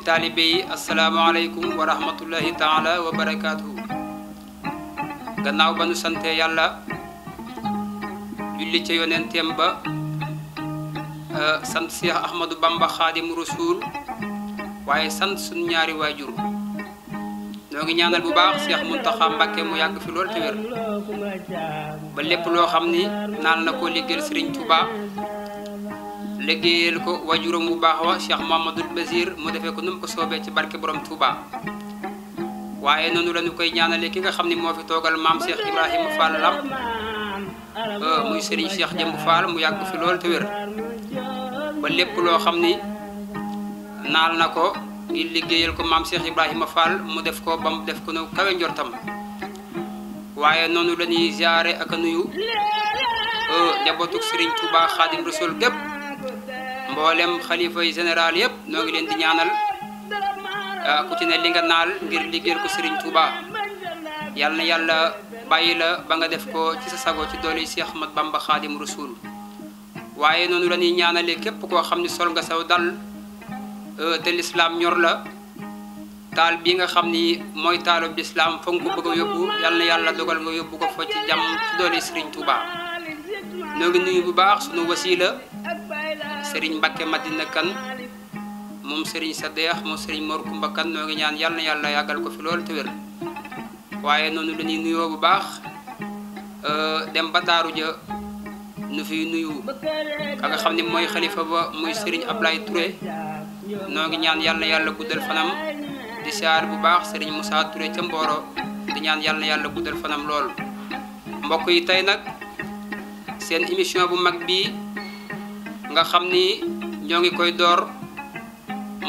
mbokki taalibe yi asalaamaaleykum wa rahmatullahi taala wa barakaatuhu gannaaw ba nu sante yàlla julli ca yonenteem ba euh, sant Cheikh Ahmadou Bamba Xaadimu Rasuul waaye sant suñu ñaari waajur ñoo ngi ñaanal bu baax Cheikh Mountakha Mbacké mu yàgg fi lool te wér ba lépp loo xam ni naan na koo liggéeyal Serigne Touba liggéeyal ko waa wajuram bu baax wa ma Mamadul Basir mu defee ko nu mu ko soobee ci barke borom Touba waaye noonu lañu koy ñaanale ki nga xam ne moo fi toogal maam Cheikh Ibrahima Fall Lamp euh, muy Serigne Cheikh Jëmb Fall mu yàgg fi lool te wér lépp loo xam ni naal na ko ngir liggéeyal ko maam Cheikh Ibrahima Fall mu def ko ba mu def ko nu kawe njortam noonu lañuy ziare ak a nuyu euh, njabootug Serigne Touba Xaadim Rasul gépp mboolem xalifa yi général yëpp noo ngi leen di ñaanal ah, ku ci ne li nga naal ngir liggéeyal ko Serigne Touba yàlla na yàlla bàyyi la ba nga def ko ci sa sago ci doole yi Ahmad Bamba Khadim Rasoul waaye noonu la ñuy ñaanalee képp koo xam ne sol nga saw dal euh, te lislaam ñor la taal bi nga xam ni mooy taalub lislaam fa ko bëgg yàlla yàlla dogal nga yóbbu ko ci jàmm ci doole Serigne noo ngi nuyu bu baax sunu wasila sëriñ Mbacke Madina Kane moom sëriñ Sadeex moom sëriñ Mor Kumba Kane noo ngi ñaan yàlla yàlla yàggal ko fi loolu te wér waaye noonu la ñuy nuyoo bu baax euh, dem ba taaru ja nu fiy nuyu ka nga xam ne mooy xalifa ba muy sëriñ Ablaye Touré noo ngi ñaan yàlla na yàlla guddal fanam di siyaar bu baax sëriñ musaa ture ca Mboro di ñaan yàlla na yàlla guddal fanam lool mbokk yi tey nag seen émission bu mag bi nga xam ni ñoo ngi koy door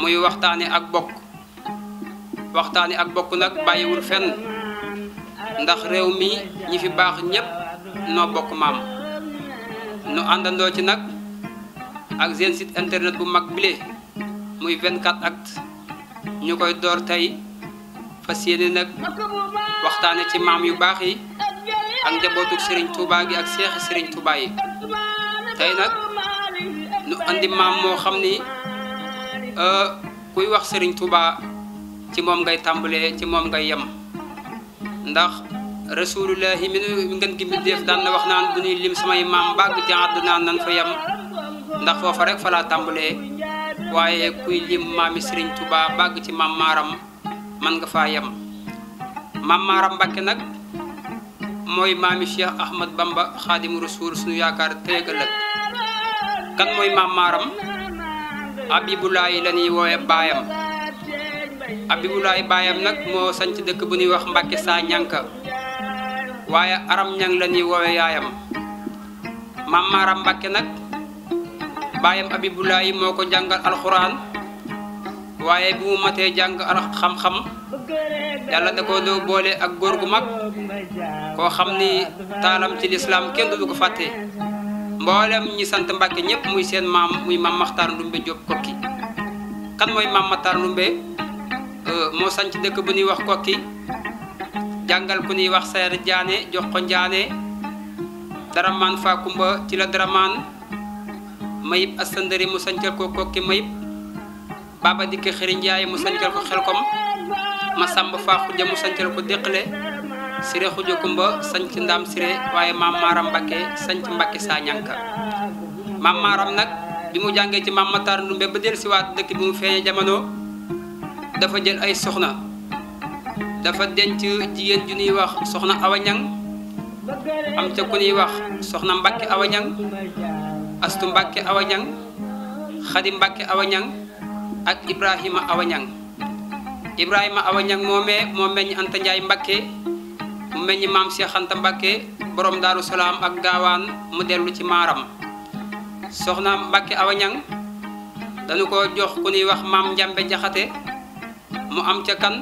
muy waxtaane ak bokk waxtaane ak bokk nag bàyyiwul fenn ndax réew mi ñi fi baax ñépp noo bokk maam nu àndandoo ci nag ak seen site internet bu mag bile muy 24 at ñu koy door tey fas yéene nag waxtaane ci maam yu baax yi ak njabootu Serigne Touba gi ak seexi Serigne Touba yi tey nag lu moo xam ni euh, kuy wax Serigne Touba ci moom ngay tàmbalee ci moom ngay yem ndax rasulullahi mi nu ngeen gi def daan na wax naan bu ñuy lim samay maam bàgg ci àdduna nan fa yam ndax foofa rek falaa laa waaye kuy lim maami tubaa Touba bàgg ci maam maaram man nga faa yem maam maaram Mbàkke nag mooy maami Cheikh Ahmad Bamba xaadimu rasul suñu yaakaar téegal ak kan mooy maam maaram abibulaay la ñuy woowe baayam abibulaay baayam nag moo sanc dëkk bu ñuy wax mbàkke saa ñànka waaye aram ñang la ñuy yaayam maam mbàkke nag baayam abibulaay moo ko jàngal alxuraan waaye bi mu matee jàng xam-xam yàlla da ko doo boole ak góor gu mag koo xam ni taalam ci lislaam kenn du ko fàtte mboolem ñi sant Mbàkke ñëpp muy seen maam muy maam Maxtaar Ndumbe Jóob kokki kan mooy maam Maxtaar Ndumbe euh, moo sanc dëkk bu ñuy wax kokki jàngal ku ñuy wax seer jaane jox ko njaane daramaan fa kumba ci la daramaan mayib asandari mu sancal ko kokki mayib baaba dikk xëri njaay mu sancal ko xelkom ma sàmb fa xujja mu sancal ko déqale siré xujo kumba sanc ndaam siré waaye maam maaram mbakke sanc mbakke saa ñànka maam maaram nag bi mu jàngee ci maam Matar Ndumbe ba del siwaat dëkk bi mu feeñee jamono dafa jël ay soxna dafa denc jigéen ju ñuy wax soxna awa ñang am ca ku ñuy wax soxna mbakke awa astu mbakke awa ñang mbakke awa ak ibrahima awa ñang moomee anta njaay mbakke mu meññ maam Cheikh Anta Mbacke borom salaam ak gaawaan mu dellu ci maaram soxna Mbacke Awa Ñang dañu ko jox ku ñuy wax maam Njambe Jaxate mu am ca kan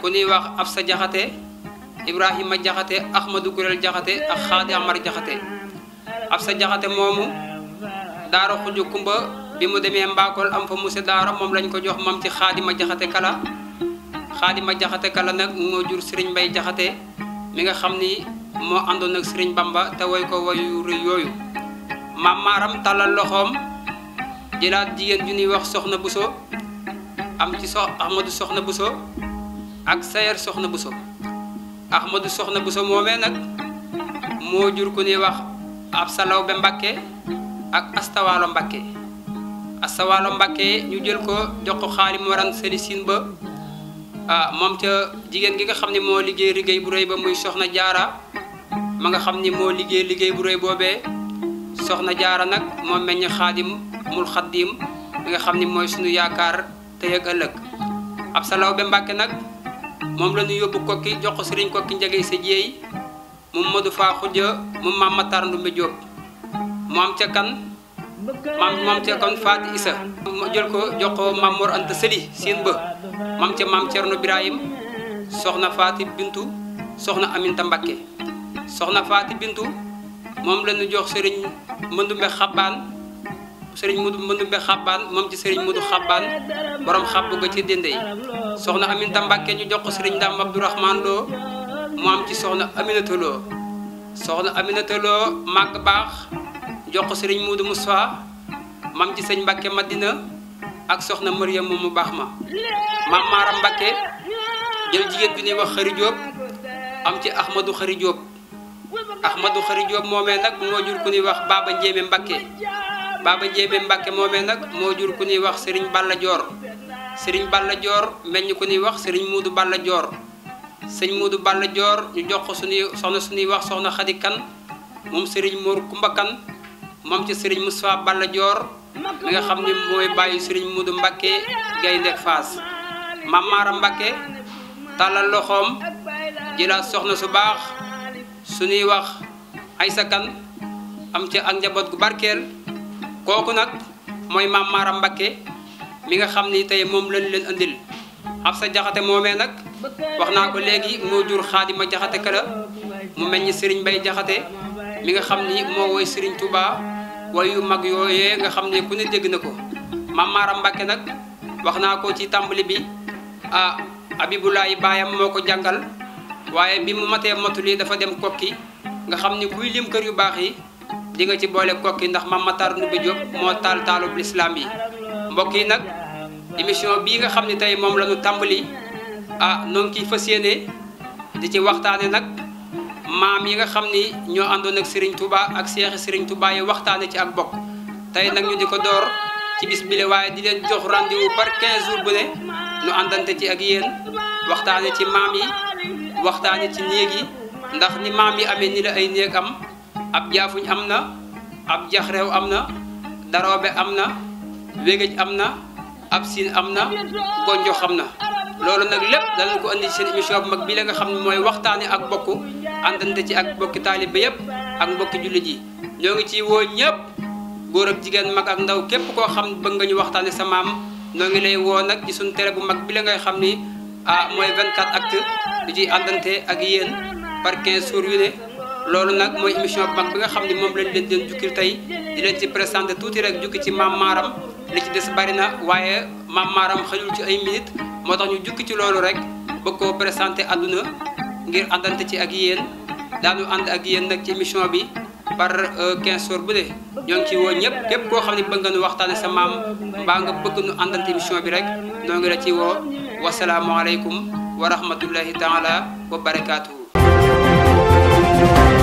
ku nuy wax ab Absa Jaxate Ibrahima Jaxate Ahmadou Gurel Jaxate ak Xaadi Amar Jaxate sa Jaxate moomu daara xuju kumba bi mu demee mbakool am fa monsieur daara moom lañ ko jox mam ci Xaadima Jaxate kala ma Jaxate kala nag moo jur Serigne Mbay Jaxate mi nga xam ni moo àndoon ak sëriñ Bamba te woy ko woyu rëy yooyu maam tàllal loxoom jëlaat jigéen ju ñuy wax soxna Bousso am ci sox Ahmadou soxna Bousso ak Sayer soxna Bousso Ahmadou soxna Bousso moomee nag moo jur ku ñuy wax ab salaw be Mbàkke ak astawaalo Mbàkke astawaalo Mbàkke ñu jël ko jox ko xaari mu waran seli siin ba Ah, moom ca jigéen gi nga xam ne moo liggéey liggéey bu rëy ba muy soxna jaara ma nga xam ni moo liggéey liggéey bu rëy boobee soxna jaara nag moo meññ xaadim mul xaddim mi nga xam ni mooy suñu yaakaar tey ak ëllëg ab salaw ba mbàkke nag moom la ñu yóbbu kokki jox ko sëriñ kokki njagey sa jéey moom Modou Fa Xuja moom maam Matar Ndumbe Jóob mu am ca kan maam maam te kon Faati Isa jël ko jox ko maam Mor Anta Sëli seen ba maam ca maam Cerno Birahim soxna Faati Bintu soxna Aminta Mbakke soxna Faati Bintu moom la jox sëriñ Mëndumbe Xabbaan sëriñ Mudu Mëndumbe Xabbaan moom ci sëriñ Mudu Xabbaan borom xabbu ga ci dende yi soxna Aminta Mbakke ñu jox ko sëriñ Dam Abdourahman Lo mu ci soxna Aminata Lo soxna Aminata Lo màgg baax jox ko sëriñ Muudu Moussa mam ci sëñ Mbacke Madina ak soxna Mariam moom mu baax ma maam Maaram Mbacke jël jigéen bi ñuy wax Xëri am ci Ahmadou Xëri Jóob Ahmadou Xëri Jóob moomee nag moo jur ku ñuy wax baaba Njéeme Mbacke Baba Njéeme Mbacke moomee nag moo jur ku ñuy wax sëriñ Balla Joor sëriñ Balla Joor meññ ku ñuy wax sëriñ Muudu Balla Joor sëñ Muudu Balla Joor ñu jox ko suñuy soxna suñuy wax soxna Xadi Kan moom sëriñ moor Kumba Kan moom ci sëriñ Moustapha Balla Dior mi nga xam ne mooy bàyyi sëriñ Modou Mbakke Gaynde Faas Maam Maara tàllal loxoom jëlaat soxna su baax su ñuy wax ay sa kan am ci ak njaboot gu barkeel kooku nag mooy Maam Maara mi nga xam ni tey moom lañ leen andil ab sa jaxate moomee nag wax naa ko léegi moo jur xaadima jaxate kala mu meññ sëriñ Mbay jaxate mi nga xam ni moo woy Serigne Touba way yu mag yooyee nga xam ne ku ne dégg na ko ma Maaram Mbàkke nag wax naa ko ci tàmbali bi ah Abibulaay baayam moo ko jàngal waaye bi mu matee matuli dafa dem kokki nga xam ni kuy lim kër yu baax yi di nga ci boole kokki ndax Maam Matar Ndumbe Diop moo taal taalub lislaam yi mbokk yi nag émission bi nga xam ni tey moom la ñu tàmbali ah noo ngi ciy di ci waxtaane nag maam yi nga xam ni ñoo àndoon ak Serigne Touba ak seexi Serigne Touba yi waxtaane ci ak bokk tey nag ñu di ko door ci bis bile waaye di leen jox rendez-vous par 15 jours bu ne ñu àndante ci ak yéen waxtaane ci maam yi waxtaane ci néeg yi ndax ni maam yi amee ni la ay néeg am ab jaafuñ am na ab jaxreew am na daroobe am na wégéj am na ab siin am na gonjo xam na loolu nag lépp danañ ko indi ci seen émission bu mag bii la nga xam ne mooy waxtaane ak bokk àndante ci ak bokki taalibe yëpp ak mbokki jullit yi ñoo ngi ciy woo ñëpp góor ak jigéen mag ak ndaw képp koo xam ne bëgg nga ñu waxtaane sa maam noo ngi lay woo nag ci suñu télé mag bi la ngay xam ni ah mooy 24 actu di ciy àndante ak yéen par 15 jours loolu nag mooy émission bu mag bi nga xam ne moom lañ leen doon jukki tey di ci présenté tuuti rek jukki ci maam maaram li ci des bari na waaye maam maaram xëyul ci ay minutes moo tax ñu jukki ci loolu rek bëgg koo présenté àdduna ngir àndante ci ak yéen daanu ànd ak yéen nag ci émission bi par 15 euh, jours bu ne ñoo ngi ci woo ñëpp képp koo xam ne bëgg nga nu waxtaane sa maam mbaa nga bëgg nu àndante émission bi rek noo ngi la ci woo wasalaamualeykum wa rahmatullahi taala wa barakaatuhu